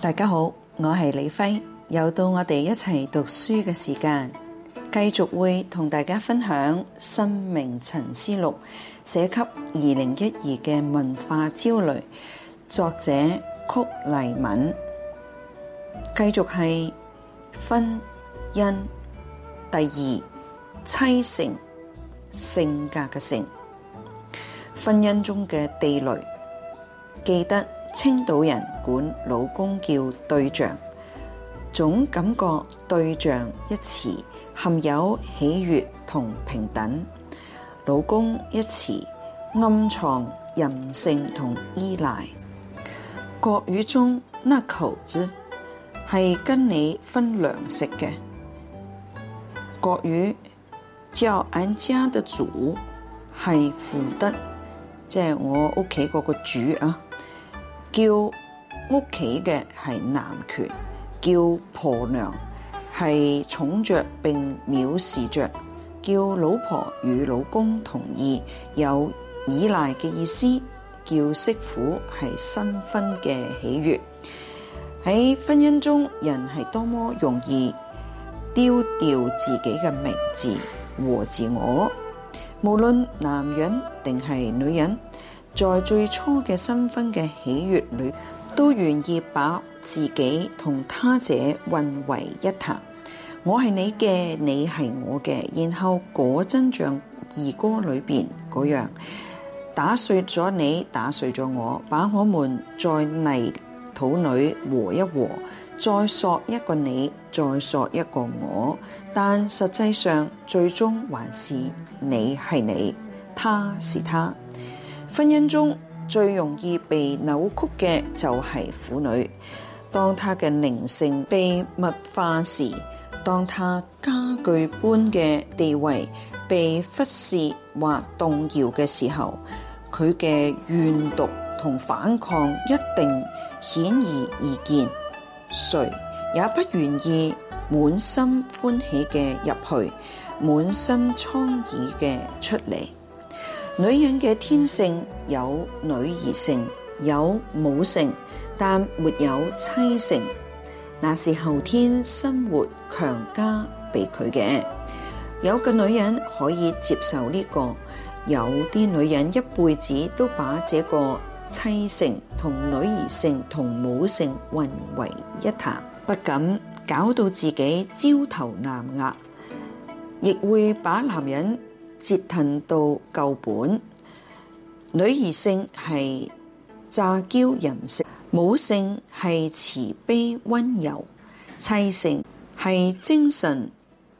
大家好，我係李輝，又到我哋一齊讀書嘅時間，繼續會同大家分享《生命沉思錄》，寫給二零一二嘅文化焦慮，作者曲黎敏。繼續係婚姻第二妻性，性格嘅性，婚姻中嘅地雷，記得。青島人管老公叫對象，總感覺對象一詞含有喜悅同平等，老公一詞暗藏人性同依賴。國語中那口子係跟你分糧食嘅，國語叫俺家的主係富德，即係我屋企嗰個主啊。叫屋企嘅係男權，叫婆娘係寵着並藐視着，叫老婆與老公同義，有依賴嘅意思。叫媳婦係新婚嘅喜悅。喺婚姻中，人係多麼容易丟掉自己嘅名字和自我，無論男人定係女人。在最初嘅新婚嘅喜悅裏，都願意把自己同他者混為一談。我係你嘅，你係我嘅。然後果真像兒歌裏邊嗰樣，打碎咗你，打碎咗我，把我們在泥土裏和一和，再塑一個你，再塑一個我。但實際上，最終還是你係你，他是他。婚姻中最容易被扭曲嘅就係婦女，當她嘅靈性被物化時，當她家具般嘅地位被忽視或動搖嘅時候，佢嘅怨毒同反抗一定顯而易見，誰也不願意滿心歡喜嘅入去，滿心瘡痍嘅出嚟。女人嘅天性有女兒性，有母性，但沒有妻性，那是後天生活強加俾佢嘅。有個女人可以接受呢、這個，有啲女人一輩子都把這個妻性同女兒性同母性混為一談，不敢搞到自己焦頭爛額，亦會把男人。折騰到舊本，女兒性係詐嬌任性，母性係慈悲温柔，妻性係精神、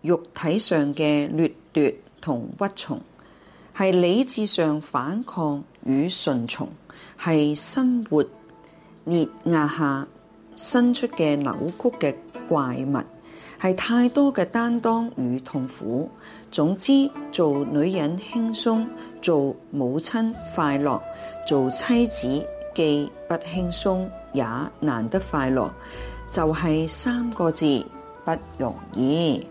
肉體上嘅掠奪同屈從，係理智上反抗與順從，係生活碾壓下生出嘅扭曲嘅怪物。係太多嘅擔當與痛苦。總之，做女人輕鬆，做母親快樂，做妻子既不輕鬆也難得快樂。就係、是、三個字，不容易。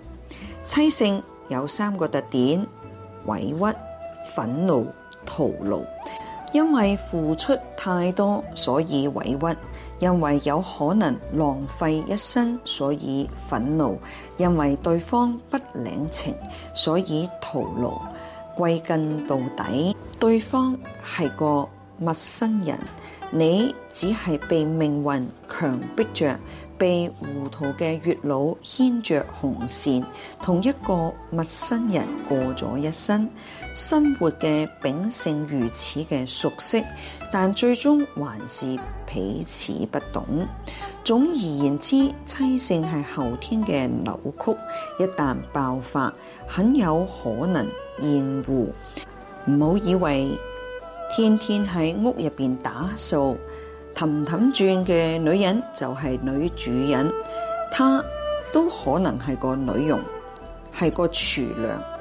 妻性有三個特點：委屈、憤怒、徒勞。因為付出太多，所以委屈；因為有可能浪費一生，所以憤怒；因為對方不領情，所以徒勞。歸根到底，對方係個陌生人，你只係被命運強迫着，被糊塗嘅月老牽着紅線，同一個陌生人過咗一生。生活嘅秉性如此嘅熟悉，但最終還是彼此不懂。總而言之，妻性係後天嘅扭曲，一旦爆發，很有可能厭惡。唔好以為天天喺屋入邊打掃、氹氹轉嘅女人就係女主人，她都可能係個女傭，係個廚娘。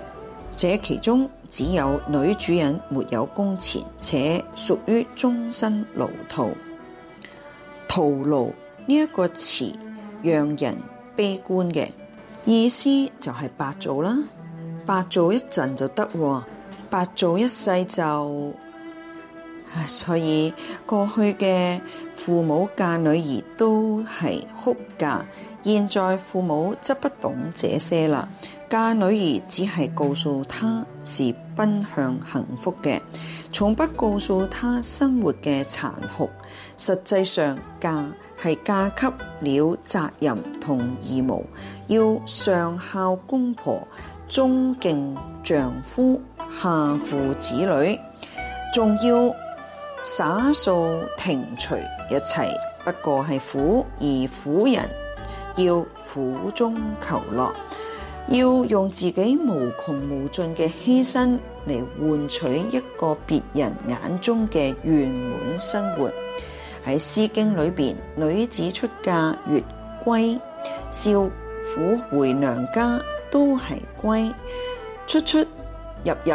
這其中只有女主人沒有工錢，且屬於終身徒勞。徒勞呢一個詞讓人悲觀嘅意思就係白做啦，白做一陣就得，白做一世就。所以過去嘅父母嫁女兒都係哭嫁，現在父母則不懂這些啦。嫁女兒只係告訴她是奔向幸福嘅，從不告訴她生活嘅殘酷。實際上嫁係嫁給了責任同義務，要上孝公婆，忠敬丈夫，下父子女，仲要灑掃庭除，一切不過係苦而苦人，要苦中求樂。要用自己無窮無盡嘅犧牲嚟換取一個別人眼中嘅圓滿生活。喺《詩經》裏邊，女子出嫁月歸，少婦回娘家都係歸，出出入入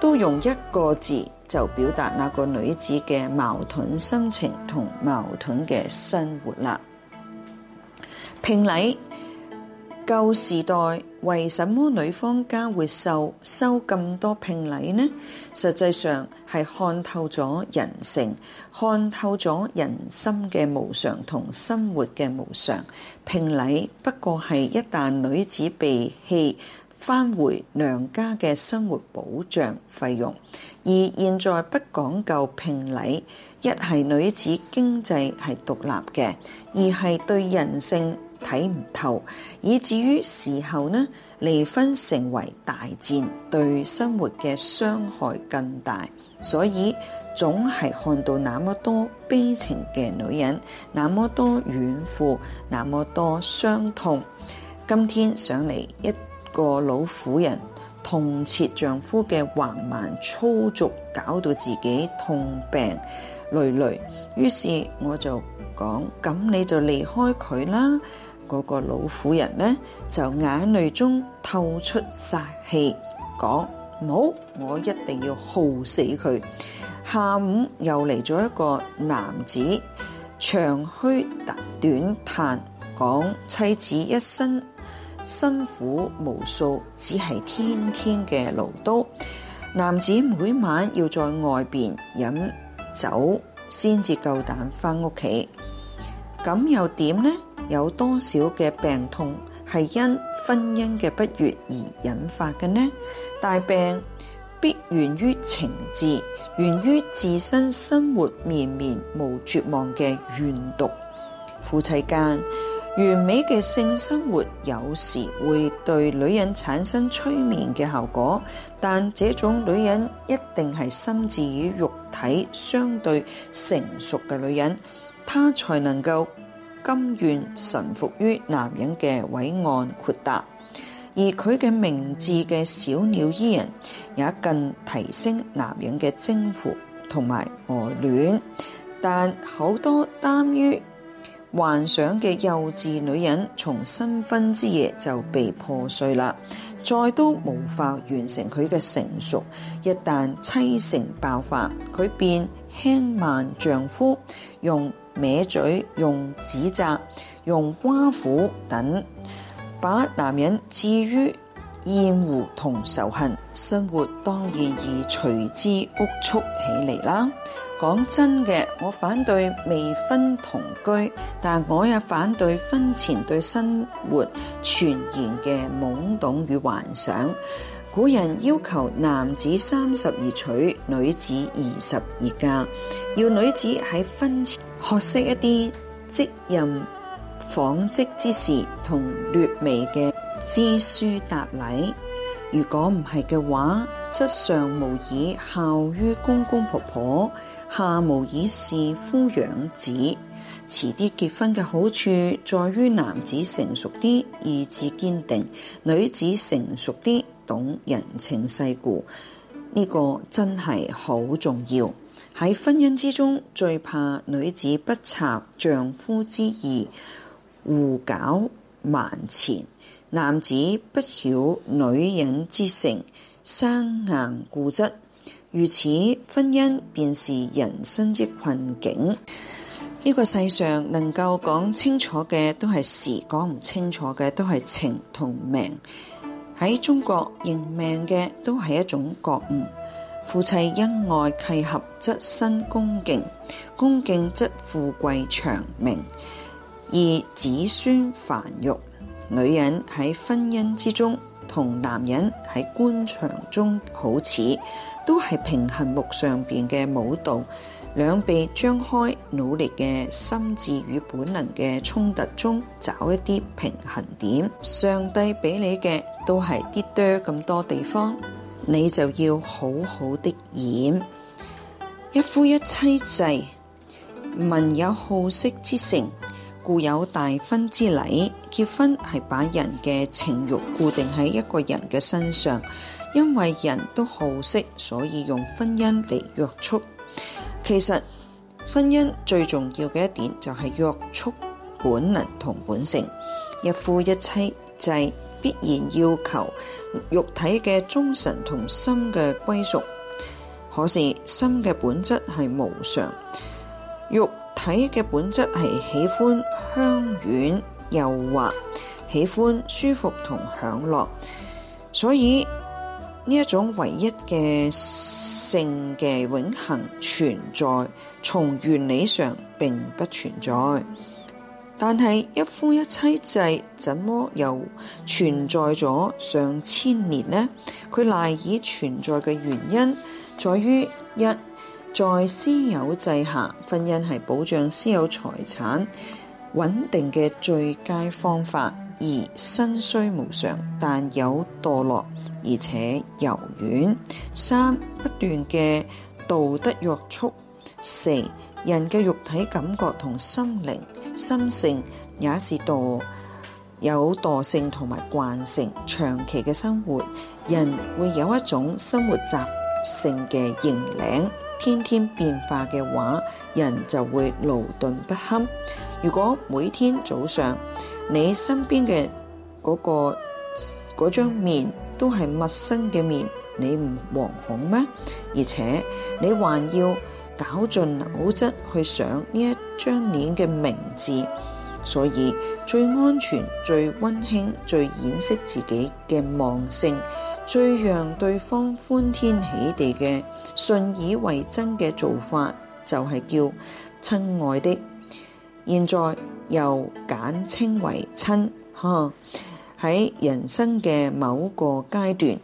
都用一個字就表達那個女子嘅矛盾心情同矛盾嘅生活啦。聘禮。舊時代，為什麼女方家會收收咁多聘禮呢？實際上係看透咗人性，看透咗人心嘅無常同生活嘅無常。聘禮不過係一旦女子被棄，翻回娘家嘅生活保障費用。而現在不講究聘禮，一係女子經濟係獨立嘅，二係對人性。睇唔透，以至於事後呢，離婚成為大戰，對生活嘅傷害更大。所以總係看到那麼多悲情嘅女人，那麼多怨婦，那麼多傷痛。今天上嚟一個老婦人痛切丈夫嘅橫蠻粗俗，搞到自己痛病累累。於是我就講：咁你就離開佢啦。嗰個老婦人呢，就眼淚中透出殺氣，講：唔好，我一定要耗死佢。下午又嚟咗一個男子，長籲短嘆，講妻子一生辛苦無數，只係天天嘅嘮叨。男子每晚要在外邊飲酒，先至夠膽返屋企。咁又點呢？有多少嘅病痛係因婚姻嘅不悅而引發嘅呢？大病必源於情志，源於自身生活綿綿無絕望嘅怨毒。夫妻間完美嘅性生活有時會對女人產生催眠嘅效果，但這種女人一定係心智與肉體相對成熟嘅女人，她才能夠。甘願臣服於男人嘅偉岸闊達，而佢嘅明智嘅小鳥依人，也更提升男人嘅征服同埋愛戀。但好多耽於幻想嘅幼稚女人，從新婚之夜就被破碎啦，再都無法完成佢嘅成熟。一旦妻性爆發，佢變。輕慢丈夫，用歪嘴、用指責、用挖苦等，把男人置於厭惡同仇恨，生活當然已隨之惡促起嚟啦。講真嘅，我反對未婚同居，但我也反對婚前對生活全然嘅懵懂與幻想。古人要求男子三十而娶，女子二十而嫁。要女子喺婚前學識一啲職任紡織之事同略微嘅知書達禮。如果唔係嘅話，則上無以孝於公公婆婆，下無以事夫養子。遲啲結婚嘅好處在於男子成熟啲，意志堅定；女子成熟啲。懂人情世故呢個真係好重要。喺婚姻之中，最怕女子不察丈夫之意，胡搞蠻纏；男子不曉女人之性，生硬固執。如此，婚姻便是人生之困境。呢個世上能夠講清楚嘅都係事，講唔清楚嘅都係情同命。喺中國認命嘅都係一種覺悟。夫妻恩愛契合，則身恭敬，恭敬則富貴長命，而子孫繁育。女人喺婚姻之中，同男人喺官場中好似，都係平衡木上面嘅舞蹈。兩臂張開，努力嘅心智與本能嘅衝突中，找一啲平衡點。上帝俾你嘅都係啲多咁多地方，你就要好好的演。一夫一妻制，民有好色之性，故有大婚之禮。結婚係把人嘅情欲固定喺一個人嘅身上，因為人都好色，所以用婚姻嚟約束。其實婚姻最重要嘅一點就係約束本能同本性，一夫一妻制，就是必然要求肉體嘅忠誠同心嘅歸屬。可是心嘅本質係無常，肉體嘅本質係喜歡香軟幼滑，喜歡舒服同享樂，所以。呢一種唯一嘅性嘅永恒存在，從原理上並不存在。但係一夫一妻制，怎麼又存在咗上千年呢？佢賴以存在嘅原因，在於一，在私有制下，婚姻係保障私有財產穩定嘅最佳方法。二，身雖無常，但有墮落，而且柔軟。三，不斷嘅道德約束。四，人嘅肉體感覺同心靈心性也是墮，有惰性同埋慣性。長期嘅生活，人會有一種生活習性嘅認領。天天變化嘅話，人就會勞頓不堪。如果每天早上，你身邊嘅嗰、那個嗰張面都係陌生嘅面，你唔惶恐咩？而且你還要絞盡腦汁去想呢一張臉嘅名字，所以最安全、最溫馨、最掩飾自己嘅忘性、最讓對方歡天喜地嘅、信以為真嘅做法，就係、是、叫親愛的，現在。又簡稱為親，哈！喺人生嘅某個階段，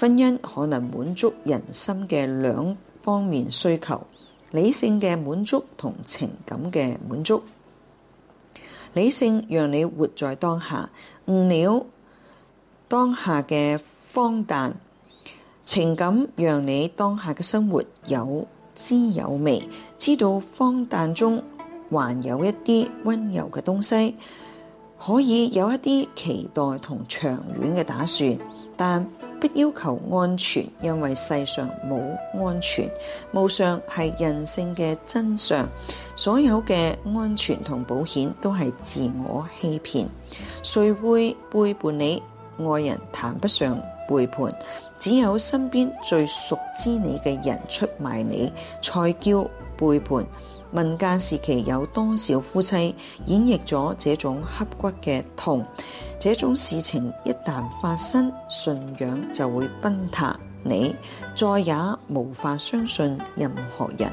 婚姻可能滿足人心嘅兩方面需求：理性嘅滿足同情感嘅滿足。理性讓你活在當下，悟了當下嘅荒誕；情感讓你當下嘅生活有滋有味，知道荒誕中。還有一啲温柔嘅東西，可以有一啲期待同長遠嘅打算，但不要求安全，因為世上冇安全。無常係人性嘅真相，所有嘅安全同保險都係自我欺騙。誰會背叛你？愛人談不上背叛，只有身邊最熟知你嘅人出賣你，才叫背叛。文革時期有多少夫妻演繹咗這種刻骨嘅痛？這種事情一旦發生，信仰就會崩塌你，你再也無法相信任何人。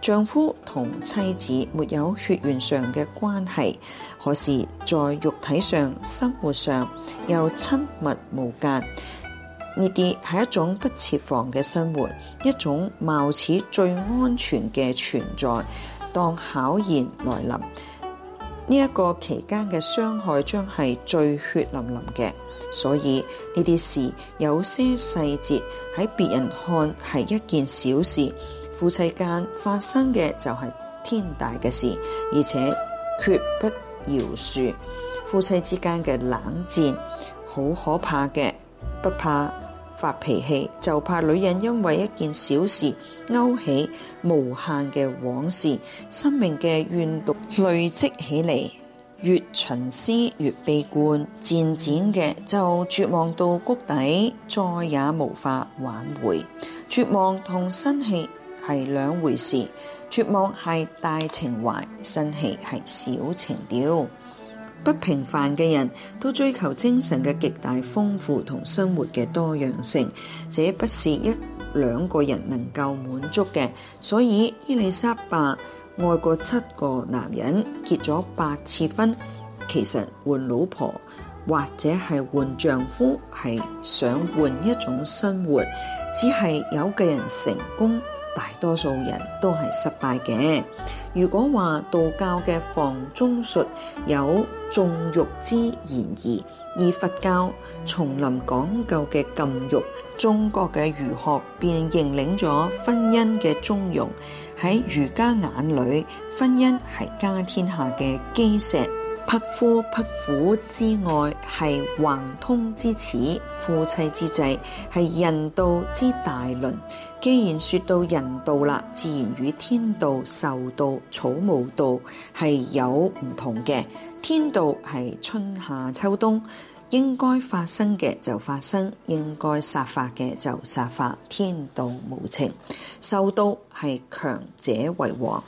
丈夫同妻子沒有血緣上嘅關係，可是，在肉體上、生活上又親密無間。呢啲係一種不設防嘅生活，一種貌似最安全嘅存在。當考驗來臨，呢一個期間嘅傷害將係最血淋淋嘅。所以呢啲事有些細節喺別人看係一件小事，夫妻間發生嘅就係天大嘅事，而且決不饒恕。夫妻之間嘅冷戰好可怕嘅，不怕，發脾氣就怕女人因為一件小事勾起無限嘅往事，生命嘅怨毒累積起嚟，越沉思越悲觀，漸漸嘅就絕望到谷底，再也無法挽回。絕望同生氣係兩回事，絕望係大情懷，生氣係小情調。不平凡嘅人都追求精神嘅極大豐富同生活嘅多樣性，這不是一兩個人能夠滿足嘅。所以伊麗莎白愛過七個男人，結咗八次婚。其實換老婆或者係換丈夫，係想換一種生活，只係有嘅人成功。大多數人都係失敗嘅。如果話道教嘅房中術有縱欲之嫌疑，而佛教叢林講究嘅禁欲，中國嘅儒學便認領咗婚姻嘅中庸。喺儒家眼裏，婚姻係家天下嘅基石。匹夫匹婦之愛，係橫通之始；夫妻之際，係人道之大倫。既然說到人道啦，自然與天道、獸道、草木道係有唔同嘅。天道係春夏秋冬，應該發生嘅就發生，應該殺伐嘅就殺伐。天道無情。獸道係強者為王。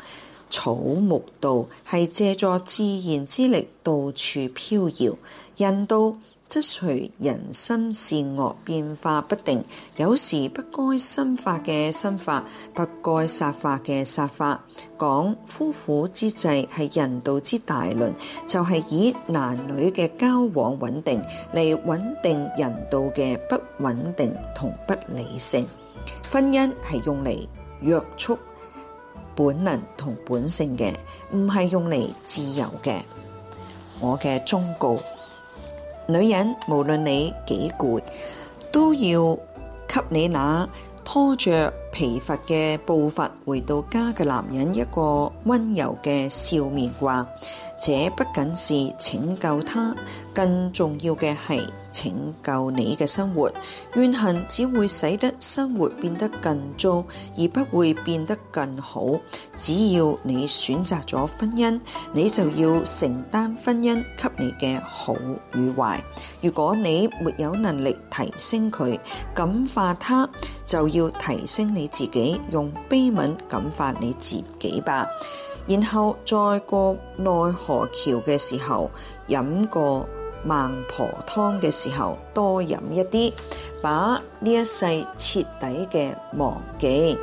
草木道係借助自然之力到處飄搖，人道則隨人心善惡變化不定，有時不該生化嘅生化，不該殺化嘅殺化。講夫婦之際，係人道之大論，就係以男女嘅交往穩定嚟穩定人道嘅不穩定同不理性。婚姻係用嚟約束。本能同本性嘅，唔係用嚟自由嘅，我嘅忠告：女人無論你幾攰，都要給你那拖著疲乏嘅步伐回到家嘅男人一個溫柔嘅笑面話。這不僅是拯救他，更重要嘅係。拯救你嘅生活，怨恨只會使得生活變得更糟，而不會變得更好。只要你選擇咗婚姻，你就要承擔婚姻給你嘅好與壞。如果你沒有能力提升佢，感化他，就要提升你自己，用悲憫感化你自己吧。然後再過奈何橋嘅時候飲過。孟婆湯嘅時候，多飲一啲，把呢一世徹底嘅忘記。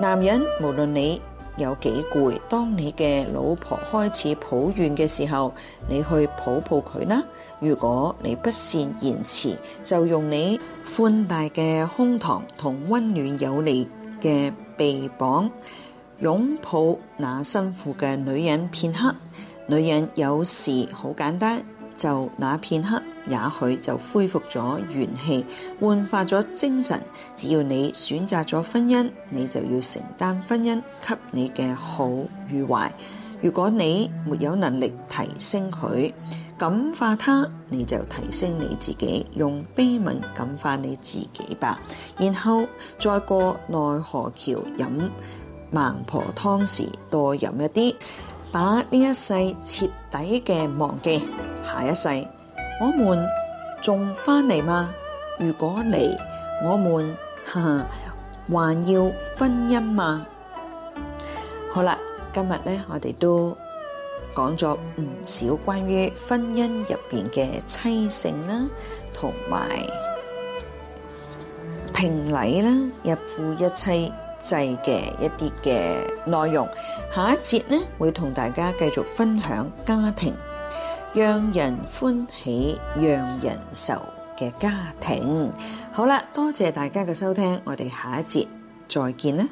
男人，無論你有幾攰，當你嘅老婆開始抱怨嘅時候，你去抱抱佢啦。如果你不善言辭，就用你寬大嘅胸膛同溫暖有力嘅臂膀擁抱那辛苦嘅女人片刻。女人有時好簡單。就那片刻，也許就恢復咗元氣，煥發咗精神。只要你選擇咗婚姻，你就要承擔婚姻給你嘅好與壞。如果你沒有能力提升佢，感化他，你就提升你自己，用悲憫感化你自己吧。然後再過奈何橋飲孟婆湯時，多飲一啲，把呢一世切。抵嘅忘記下一世，我們仲翻嚟嗎？如果嚟，我們，哈哈，還要婚姻嗎？好啦，今日咧，我哋都講咗唔少關於婚姻入邊嘅妻性啦，同埋聘禮啦，一夫一妻。制嘅一啲嘅內容，下一節呢，會同大家繼續分享家庭，讓人歡喜，讓人愁嘅家庭。好啦，多謝大家嘅收聽，我哋下一節再見啦。